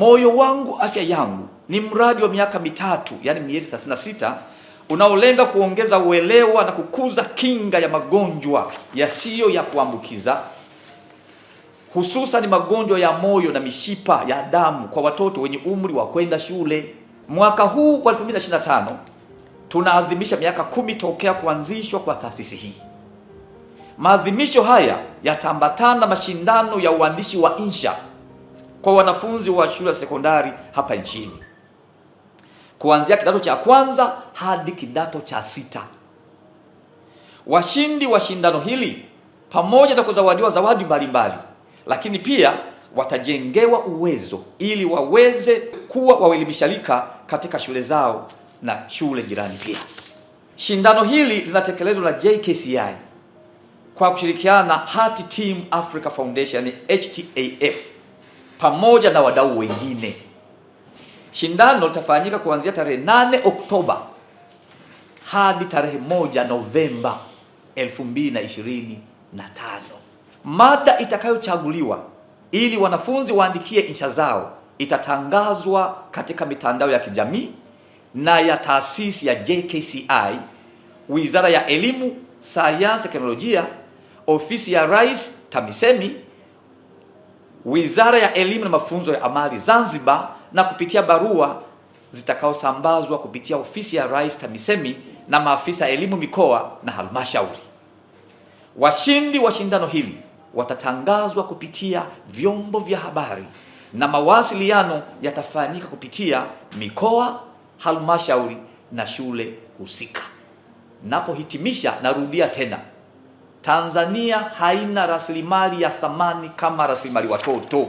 moyo wangu afya yangu ni mradi wa miaka mitatu, yani miezi 36 unaolenga kuongeza uelewa na kukuza kinga ya magonjwa yasiyo ya kuambukiza hususan magonjwa ya moyo na mishipa ya damu kwa watoto wenye umri wa kwenda shule. Mwaka huu wa 2025 tunaadhimisha miaka kumi tokea kuanzishwa kwa taasisi hii. Maadhimisho haya yataambatana mashindano ya uandishi wa insha kwa wanafunzi wa shule ya sekondari hapa nchini kuanzia kidato cha kwanza hadi kidato cha sita. Washindi wa shindano hili pamoja na kuzawadiwa zawadi mbalimbali, lakini pia watajengewa uwezo ili waweze kuwa wawelimishalika katika shule zao na shule jirani. Pia shindano hili linatekelezwa na JKCI kwa kushirikiana na Hati Team Africa Foundation, yani HTAF pamoja na wadau wengine. Shindano litafanyika kuanzia tarehe 8 Oktoba hadi tarehe moja Novemba 2025. Mada itakayochaguliwa ili wanafunzi waandikie insha zao itatangazwa katika mitandao ya kijamii na ya taasisi ya JKCI, Wizara ya Elimu, Sayansi, Teknolojia, Ofisi ya Rais, TAMISEMI Wizara ya Elimu na Mafunzo ya Amali Zanzibar na kupitia barua zitakaosambazwa kupitia ofisi ya Rais TAMISEMI na maafisa elimu mikoa na halmashauri. Washindi wa shindano hili watatangazwa kupitia vyombo vya habari na mawasiliano yatafanyika kupitia mikoa, halmashauri na shule husika. Napohitimisha, narudia tena Tanzania haina rasilimali ya thamani kama rasilimali watoto.